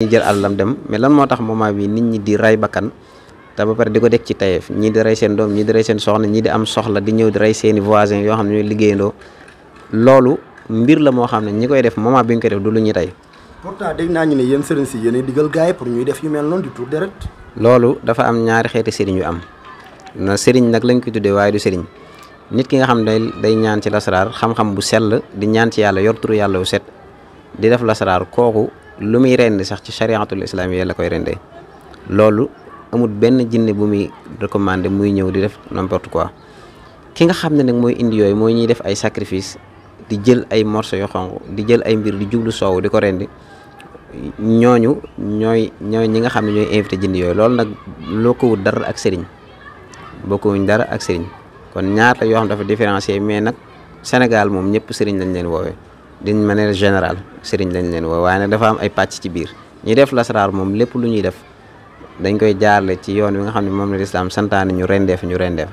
ñi jël àllam dem mais lan moo tax moment bi nit ñi di rey bakkan te ba pare di ko deg ci tayeef ñi di rey seen doom ñii di rey seen soxna ñii di am soxla di ñëw di rey seeni voisin yoo xam ne ñooy liggéeyandoo loolu mbir la moo xam ne ñi koy def moment bi ñu du lu ñuy tey pourtant naa ñu ne yéen sëriñ si yéenay digal gaay pour ñuy def yu mel noonu di tuur deret loolu dafa am ñaari xeeti sëriñ yu am na sëriñ nag lañ koy tuddee waaye du sëriñ nit ki nga xam day day ñaan ci lasaraar xam-xam bu sell di ñaan ci yàlla yor turu yàlla wu set di def lasaraar kooku lu muy rend sax ci chariatul islam yi la koy rendee loolu amut benn jinne bu muy recommandé muy ñëw di def n'importe quoi ki nga xam ne nag mooy indi yooyu mooy ñuy def ay sacrifice di jël ay morceaux yu xonq di jël ay mbir di jublu soow di ko rend ñooñu ñooy ñooy ñi nga xam ne ñooy invité jënd yooyu loolu nag loo ko wut dara ak sëriñ wuñ dara ak sëriñ kon ñaar yoo xam dafa différencier mais nag Sénégal moom ñëpp sëriñ lañ leen woowee d'une manière général sëriñ lañ leen woo waaye nag dafa am ay pàcc ci biir ñi def lasraar moom lépp lu ñuy def dañ koy jaarle ci yoon wi nga xam ne moom la lislaam santaane ñu rendeef ñu rendeef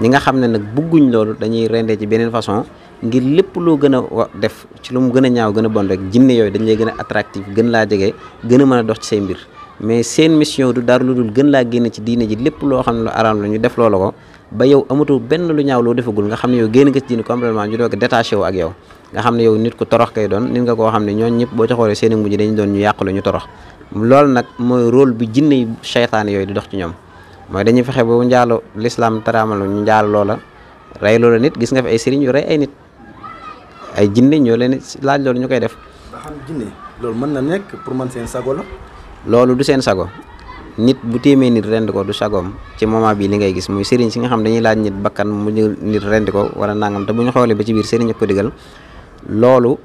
ñi nga xam ne nag bugguñ loolu dañuy rendee ci beneen façon ngir lépp loo gën a def ci lu mu gën a ñaaw gën a bon rek jinne yooyu dañ lay gën a gën laa jege gën a mën a dox ci say mbir mais seen mission du dara lu dul gën laa génn ci diine ji lépp loo xam ne lu araam la ñu def loola ko ba yow amatoo benn lu ñaaw loo defagul nga xam ne yow génn nga ci diine complètement ñu doog détaché wu ak yow nga xam ne yow nit ku torox kay doon nit nga ko xam ne ñooñ ñëpp boo ci xoolee seen mujj dañu doon ñu yàqule ñu torox loolu nag mooy rol bi jinne yi yooyu di dox ci ñoom mooy dañuy fexe ba njaalo lislaam taraamal ñu njaal loola rey loola nit gis nga fi ay sëriñ yu ay nit ay jinne ñoo leen laaj loolu ñu koy def loolu mën na nekk pour man seen sago la loolu du seen sago nit bu téemee nit rend ko du sagoom ci moment bii li ngay gis muy sëriñ si nga xam dañuy laaj nit bakkan mu nit rend ko wala nangam te bu ñu xoolee ba ci biir sëriñ ko digal loolu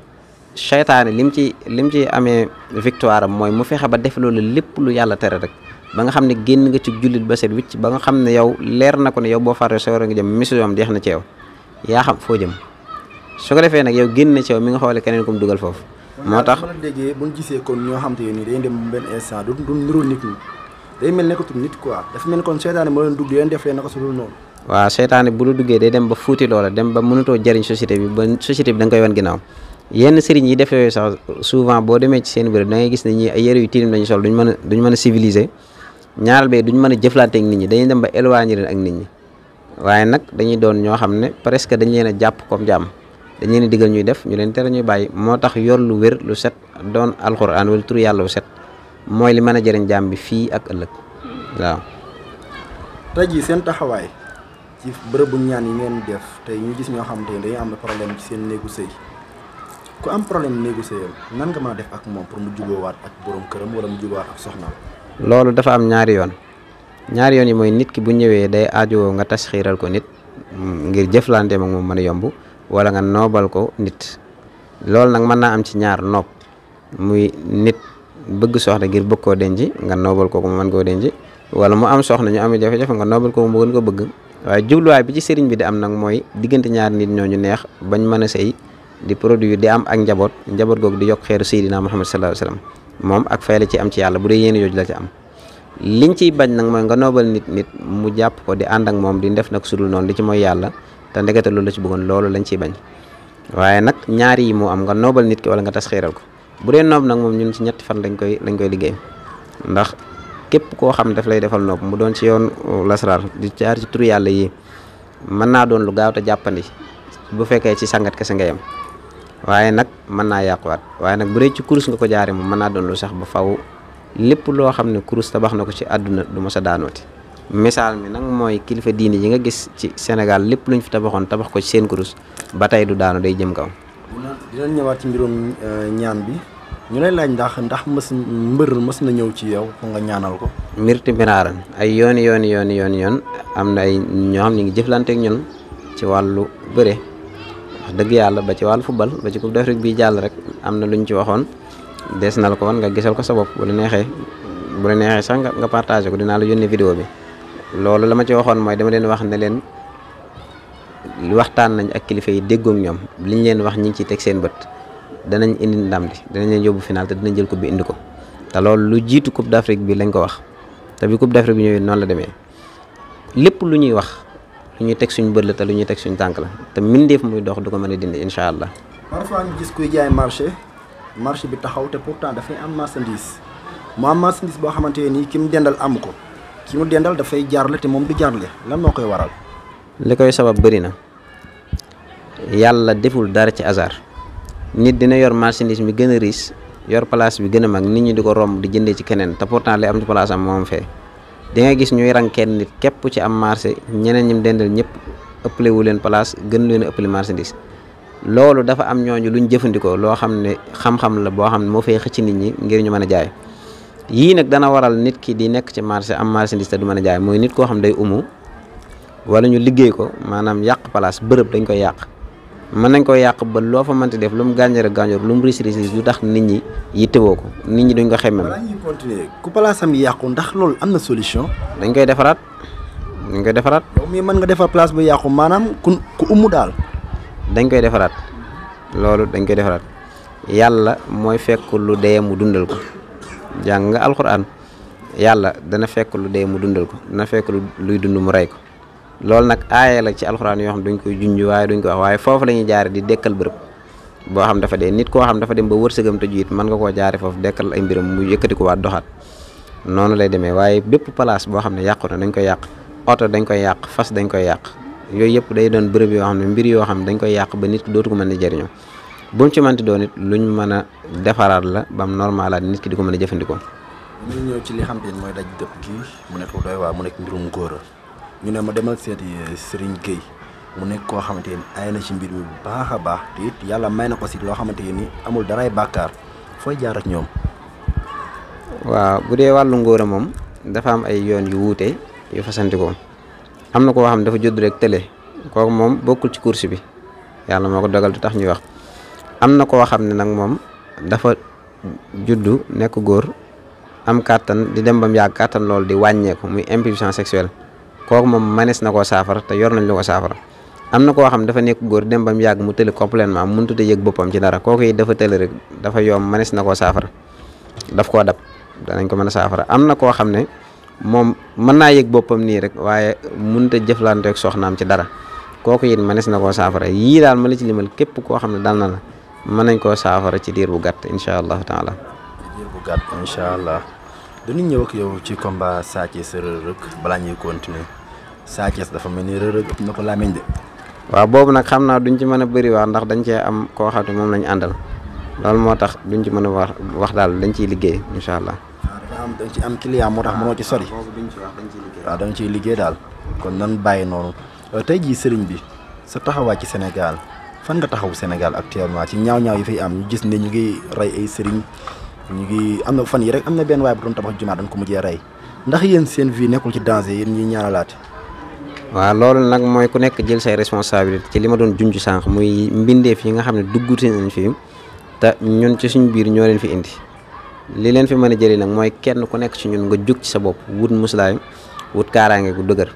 seytaane lim ci lim ci amee victoire am mooy mu fexe ba def loolu lépp lu yàlla tere rek ba nga xam ne génn nga ci jullit ba set wicc ba nga xam ne yow leer na ko ne yow boo faatee sawara nga jëm mission am ci yow yaa xam foo jëm su ko defee nag yow génn na ci yow mi xoole keneen kum dugal foofu. moo tax kon déggee bu ñu gisee kon ñoo xam te ne day dem benn instant def leen naka su dul noonu. waaw seytaane bu lu duggee day dem ba fuuti loola dem ba mënutoo jariñ société bi ba société bi da nga koy wan ginnaaw yenn sëriñ yi def yooyu souvent boo demee ci seen bërëb da ngay gis ne ñi yére yu tilim lañu sol duñ mën a duñ mën a civiliser ñaaral bee duñ mën a jëflante ak nit ñi dem ba éloigné leen ak nit ñi waaye nag dañuy doon ñoo xam ne presque dañ leen a jàpp comme jàmm dañ leen digal ñuy def ñu leen tere ñuy bàyyi moo tax yor lu wér lu set doon alxuraan wala tur yàlla lu set mooy li mën a jëriñ jàmm bi fii ak ëllëg waaw. seen taxawaay. ci bërëbu ñaan yi ngeen def tey ñu gis ñoo xam te dañu am na problème ci seen néegu sëy ku am problème néegu sëyam nan nga mën def ak moom pour mu jubóowaat ak borom këram wala mu loolu dafa am ñaari yoon ñaari yoon yi mooy nit ki bu ñëwee day aajowoo nga tasxiiral ko nit ngir jëflante moom moom mën a wala nga noobal ko nit loolu nag mën naa am ci ñaar noob muy nit bëgg soxna ngir bëgg koo denc nga noobal ko mu mën koo denc wala mu am soxna ñu am jafe-jafe nga noobal ko mu gën ko bëgg. waaye jubluwaay bi ci sëriñ bi di am nag mooy diggante ñaari nit ñooñu neex bañ mën a sëy di produit di am ak njaboot njaboot googu di yokk xeeru Seydina Muhammad sallallahu alayhi wasallam moom ak fay la ci am ci yàlla bu dee yéen jooju la ci am liñ ciy bañ nag mooy nga noobal nit nit mu jàpp ko di ànd ak moom di def nag sudul noonu di ci mooy yàlla te ndegete loolu la ci bëggoon loolu lañ ciy bañ waaye nag ñaari yi moo am nga noobal nit ki wala nga tas xeeral ko bu dee noob nag moom ñun ci ñetti fan lañ koy lañ koy liggéey ndax képp koo xam daf lay defal nopp mu doon ci yoon lasaraar di jaar ci turu yàlla yi mën naa doon lu gaaw te jàppandi bu fekkee ci sangat kese nga yem waaye nag mën naa yàquwaat waaye nag bu dee ci kurus nga ko jaaree moom mën naa doon lu sax ba faw lépp loo xam ne kurus tabax na ko ci àdduna du ma sa daanooti misaal mi nag mooy kilifa diini yi nga gis ci Sénégal lépp luñ fi tabaxoon tabax ko ci seen kurus ba tey du daanu day jëm kaw. dinañ euh, ñaan bi. ñu lay laaj ndax ndax mës mbër mës na ñëw ci yow fu nga ñaanal ko mirti binaaran ay yooni yooni yooni yooni yoon am na ay ñoo xam ñu ngi jëflante ñun ci wàllu bëre wax dëgg yàlla ba ci wàllu football ba ci coupe d'Afrique bii jàll rek am na luñ ci waxoon des na la ko wan nga gisal ko sa bopp bu la neexee bu la neexee sax nga partagé ko dinaa la yónnee vidéo bi loolu la ma ci waxoon mooy dama leen wax ne leen waxtaan nañ ak kilifa yi déggoog ñoom liñ leen wax ñi ngi ciy teg seen bët danañ indi ndam li danañ leen yóbbu final te dinañ jël coupe bi indi ko te lool lu jiitu coupe d'Afrique bi lañ ko wax te bi coupe d'Afrique bi ñëwee noonu la demee lépp lu ñuy wax lu ñuy teg suñu bët la te lu ñuy teg suñ tànk la te mbindeef muy dox du ko mën a dindi incha allah. parfois ñu gis kuy jaay marché marché bi taxaw te pourtant dafay am marchandise mu am marchandise boo xamante ne nii ki mu dendal amu ko ki mu dendal dafay jaarle te moom du jaarle lan moo koy waral. li koy sabab bëri na yàlla deful dara ci hasard. nit dina yor marchandise bi gën a riche yor place bi gën a mag nit ñi di ko romb di jëndee ci keneen te pourtant li am ci place am moom fee di nga gis ñuy rang nit képp ci am marché ñeneen ñim dendal ñëpp ëppale wu leen place gën leen a ëppale marchandise loolu dafa am ñooñu lu luñ jëfandikoo loo xam ne xam-xam la boo xam ne moo fay xëcc nit ñi ngir ñu mën a jaay yii nag dana waral nit ki di nekk ci marché am marchandise te du mën a jaay mooy nit koo xam day umu wala ñu liggéey ko maanaam yàq place bërëb dañ koy yàq mën nañ ko yàq ba loo fa mënti def lu mu gànjar ak gànjar lu mu riis riis lu tax nit ñi yittewoo ko nit ñi duñ ko xemmem. balaa ñuy continuer ku palaasam yàqu ndax loolu am na solution. dañ koy defaraat dañ koy defaraat. yow mën nga defar place bu yàqu maanaam ku ku ummu daal. dañ koy defaraat loolu dañ koy defaraat yàlla mooy fekk lu dee mu dundal ko jàng nga alxuraan yàlla dana fekk lu dee mu dundal ko dana fekk luy dund mu rey ko. loolu nag aaya la ci alxuraan yoo xam dañ koy junj waaye dañ ko wax waaye foofu la ñuy jaare di dekkal bërëb boo xam dafa dee nit koo xam dafa dem ba wërsëgam tëju it mën nga koo jaare foofu dekkal ay mbiram mu yëkkati ko waat doxaat noonu lay demee waaye bépp place boo xam ne yàqu na dañ koy yàq oto dañ koy yàq fas dañ koy yàq yooyu yëpp day doon bërëb yoo xam ne mbir yoo xam ne dañ koy yàq ba nit dootu ko mën a jëriñoo bu mu ci mënti doon it luñ mën a defaraat la bam normalaat nit ki di ko mën a jëfandikoo ci li xam mooy daj dëpp gi mu nekk doy waa mu nekk mbirum góor ñu ne ma demal seeti euh, Serigne Gueye mu nekk koo xamante ni ay na ci mbir mi bu baax a baax te it yàlla may na ko si loo xamante ni amul daray bàkkaar fooy jaar ak ñoom. waaw bu dee wàllu ngóor moom dafa am ay yoon yu wuute yu fasantikoo am na koo xam dafa judd rek tële kooku moom bokkul ci course bi yàlla moo ko dogal du tax ñuy wax am na koo xam ne nag moom dafa juddu nekk góor am kàttan di dem bam yàgg kàttan loolu di wàññeeku muy impuissance sexuelle. kooku moom manees na koo saafara te yor nañ lu ko saafara am na koo xam ne dafa nekk góor dem ba mu yàgg mu tële complètement mënut a yëg boppam ci dara kooku it dafa tële rek dafa yomb manees na koo daf koo dab danañ ko mën a saafara am na koo xam ne moom mën naa yëg boppam nii rek waaye mënut a jëflante ak soxnaam ci dara kooku it manees na koo saafara yii daal ma la ci limal képp koo xam ne daal na la mën nañ koo saafara ci diir bu gàtt incha allahu taala. diir bu gàtt incha allah. dañu ñëw ak ci combat Sa Thiès Reug Reug balaa ñuy continuer. Sa Thiès dafa mel ni Reug Reug ko làmmiñ de. waaw nag xam naa duñ ci mën a bëri wax ndax dañ cee am koo xam ne moom lañu àndal loolu moo tax duñ ci mën a wax wax daal dañ ciy liggéey incha allah. dañ ci am client moo tax mënoo ci sori. boobu ci wax dañ ciy liggéey. dañ ciy liggéey daal kon nan bàyyi noonu euh, tey jii sëriñ bi sa taxawaat ci Sénégal fan nga taxaw senegal actuellement ci ñaaw-ñaaw yi fay am ñu gis ni ñu ngi rey ay sëriñ ñu ngi am na fan yi rek am na benn waay bu doon tabax jumaa dañ ko mujjee rey ndax yéen seen vie nekkul ci danger yéen ñuy ñaanalaate waaw loolu nag mooy ku nekk jël say responsabilité ci li ma doon junju sànq muy mbindeef yi nga xam ne dugguti nañ fi te ñun ci suñ biir ñoo leen fi indi li leen fi mën a jëlee nag mooy kenn ku nekk ci ñun nga jóg ci sa bopp wut muslaay wut kaaraange gu dëgër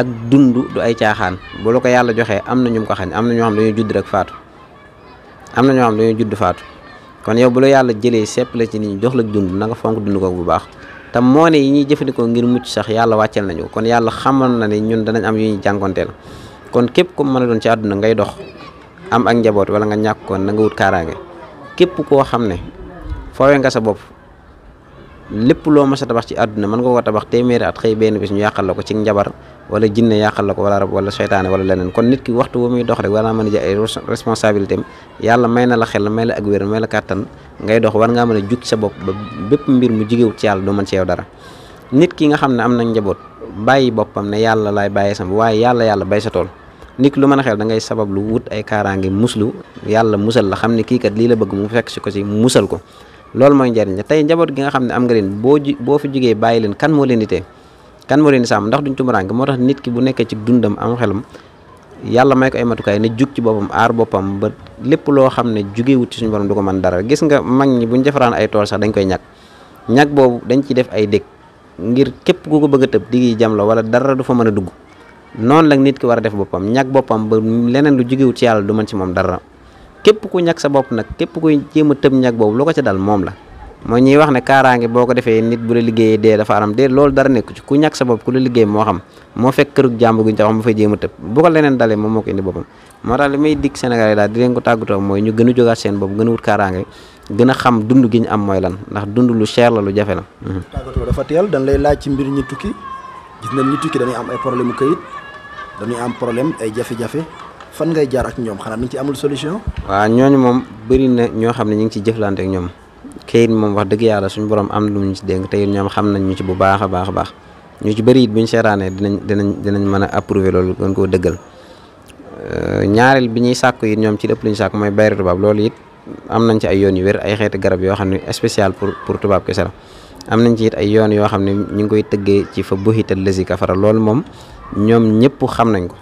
ak dund du ay caaxaan bu la ko yàlla joxee am na ñu ko xañ am na ñoo xam dañuy judd rek faatu am na ñoo xam dañuy judd faatu kon yow bu la yàlla jëlee sepp la ci nit ñi jox la dund na nga fonk dund ko bu baax. te moo yi ñuy jëfandikoo ngir mucc sax yàlla wàcceel nañu kon yàlla xamal na ne ñun danañ am yu ñuy jànkonteel kon képp ko mën a doon ci àdduna ngay dox am ak njaboot wala nga ñàkk ko na nga wut kaaraange képp koo xam ne foowe nga sa bopp lépp loo mës a tabax ci àdduna mën nga ko tabax téeméeri at xëy benn bis ñu yàqal la ko ci njabar wala jinne yàqal la ko wala rab wala seytaane wala leneen kon nit ki waxtu bu muy dox rek war naa a jël ay responsabilité yàlla may na la xel may la ak wér may la kàttan ngay dox war ngaa mën a jug sa bopp ba bépp mbir mu jigéewut ci yàlla doo mën dara nit ki nga xam ne am na njaboot bàyyi boppam ne yàlla laay bàyyi sam waaye yàlla yàlla bay sa tool lu mën a xel da ngay sabab lu wut ay kaaraange muslu yàlla musal la xam ne kii kat lii la bëgg mu fekk si ko si musal ko loolu mooy njariñ tey njaboot gi nga xam ne am nga leen boo boo fi jugee bàyyi leen kan moo leen di tee kan moo leen di sàmm ndax duñ tumuraanke moo tax nit ki bu nekkee ci dundam am xelam yàlla may ko ay matukaay na jug ci boppam aar boppam ba lépp loo xam ne jugee wut ci suñu borom du ko mën dara gis nga mag ñi buñ defaraan ay tool sax dañ koy ñàkk ñàkk boobu dañ ciy def ay dëkk ngir képp ku ko bëgg a tëb digi jam la wala dara du fa mën a dugg noonu la nit ki war a def boppam ñàkk boppam ba leneen lu jugee wut yàlla du mën ci moom dara képp ku ñàkk sa bopp nag képp kuy jéem a tëb ñàkk boobu loo ko ca dal moom la mooy ñuy wax ne kaaraange boo ko defee nit bu la liggéeyee dee dafa aram dee loolu dara nekku ci ku ñàkk sa bopp ku la liggéey moo xam moo fekk kërug jàmb guñu taxaw mu fay jéem a tëb bu ko leneen dalee moom moo ko indi boppam moo tax li may dikk Sénégal yi daal di leen ko tàggatoo mooy ñu gën a jógaat seen bopp gën a wut a xam dund gi ñu am mooy lan ndax dund lu cher la lu jafe la tàggatoo dafa teel dañ lay laaj ci mbir ñi tukki gis nañ ñi tukki am ay problème këyit dañuy am problème ay jafe fan ngay jaar ak ñoom xanaa nañ ci amul solution waaw ñooñu moom bëri na ñoo xam ne ñu ngi ci jëflante ak ñoom këyit moom wax dëgg yàlla suñu borom am lu ñu ci dénk te it ñoom xam nañ ñu ci bu baax a baax a baax ñu ci bëri it buñ seetaanee dinañ dinañ dinañ mën a approuver loolu gën koo dëggal euh, ñaareel bi ñuy sàkku yit ñoom ci lépp lu ñu mooy bayre tubaab loolu it am nañ ci ay yoon yu wér ay xeeti garab yoo xam ne spécial pour pour tubaab kese la am nañ ci ay yoon yoo xam ne ñu ngi koy tëggee ci fa buxital lësi kafara lool moom ñoom ñëpp xam nañ ko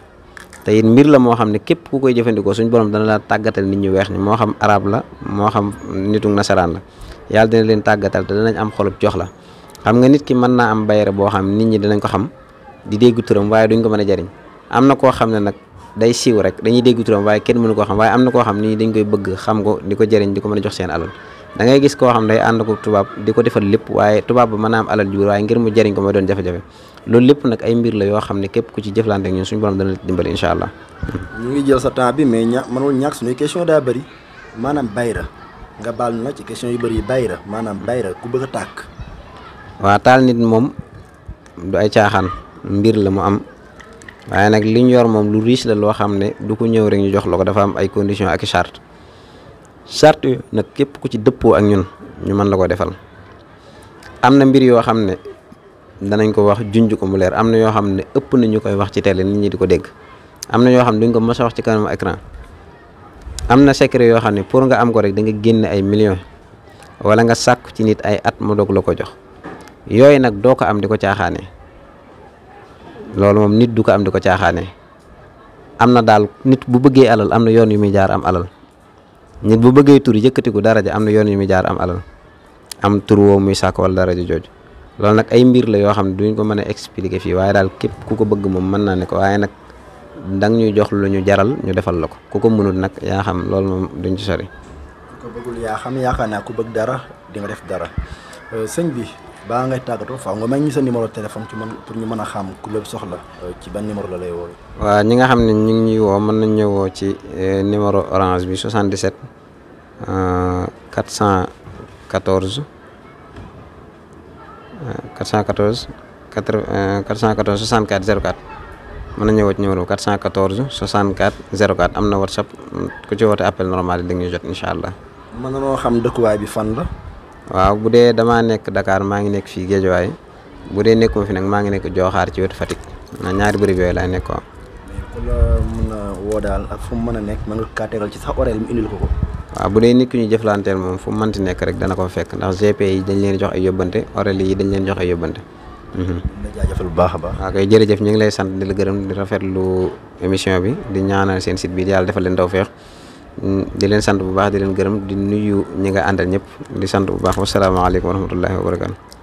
te it mbir la moo xam ne képp ku koy jëfandikoo suñ borom dana la tàggatal nit ñu weex ñi moo xam arab la moo xam nitu nasaraan la yàlla dina leen tàggatal te danañ am xolub jox la xam nit ki mën naa am bayre boo xam nit ñi dinañ ko xam di dégg turam waaye duñ ko mën a jariñ am na koo xam ne nag day siiw rek dañuy dégg turam waaye kenn mënu koo xam waaye am na koo xam nit ñi dañ koy bëgg xam ko di ko jariñ di ko mën a jox seen alal dangay gis koo xam day ànd ko tubaab di ko defal lépp waaye tubaab ba manaam a am alal jur waaye ngir mu jariñ ko mooy doon jafe-jafe loolu lépp nag ay mbir la yoo xam ne képp ku ci jëflante ak ñun suñu borom dana la dimbali allah. ñu ngi jël sa temps bi mais ña mënul ñàkk suñuy question daa bëri maanaam bayra nga baal na ci question yu bëri yi bayra maanaam bayra ku bëgg a tàkk. waaw taal nit moom du ay caaxaan mbir la mu am. waaye nag li ñu yor moom lu riche la loo xam ne du ko ñëw rek ñu jox la ko dafa am ay conditions ak charte charte yu nag képp ku ci dëppoo ak ñun ñu mën la ko defal am na mbir yoo xam ne danañ ko wax junj ko mu leer am na yoo xam ne ëpp nañu koy wax ci télé nit ñi di ko dégg am na yoo xam ne duñ ko mës wax ci kanamu écran am na secret yoo xam ne pour nga am ko rek da nga génne ay millions wala nga sàkku ci nit ay at mu doog la ko jox yooyu nag doo ko am di ko caaxaane loolu moom nit du ko am di ko caaxaane am na daal nit bu bëggee alal am na yoon yu muy jaar am alal. nit bu bëggee tur yëkkatiku daraja am na yoon yu muy jaar am alal am tur woo muy sàkk wala daraja jooju loolu nag ay mbir la yoo xam ne duñ ko mën a expliquer fii waaye daal képp ku ko bëgg moom mën naa ne ko waaye nag dang ñuy jox lu ñu jaral ñu defal la ko ku ko mënul nag yaa xam loolu moom duñ ci sori. ku ko bëggul yaa xam yaakaar naa ku bëgg dara di nga def dara euh, sëñ bi. baa ngay tàggatoo faaw nga may ñu sa numéro téléphone ci man pour ñu mën a xam ku soxla euh, ci ban numéro la lay woo. waa ñi nga xam ne ñu ngi ñuy woo mën nañ ñëw woo ci euh, numéro orange bi 77 414 414 4 414 64 04 mën nañ ñëw woo ci numéro 414 64 04 am na whatsapp ku ci woote appel normal yi jot incha allah. mën na noo xam dëkkuwaay bi fan la. waaw bu dee damaa nekk dakaar maa ngi nekk fii Géejawaay bu dee nekkoo fi nag maa ngi nekk Jooxaar ci wetu Fatick ñaari bërëb yooyu laay nekkoon. woo daal ak fu mu mën a nekk mën nga sax oreille ko ko. waaw bu dee nit ki ñu jëflanteel moom fu mu mënti nekk rek dana ko fekk ndax GP yi dañ leen jox ay yóbbante oreille yi dañ leen jox ay yóbbante. Mhm. nga jaajëfal bu baax a baax. waaw kay jërëjëf ñu ngi lay sant di la gërëm di rafetlu émission bi di ñaanal seen site bi yàlla defal leen tawfeex Mm, di leen sant bu baax di leen gërëm di nuyu ñi nga àndal ñëpp di sant bu baax wasalaamaaleykum wa rahmatullahi wa barakaatu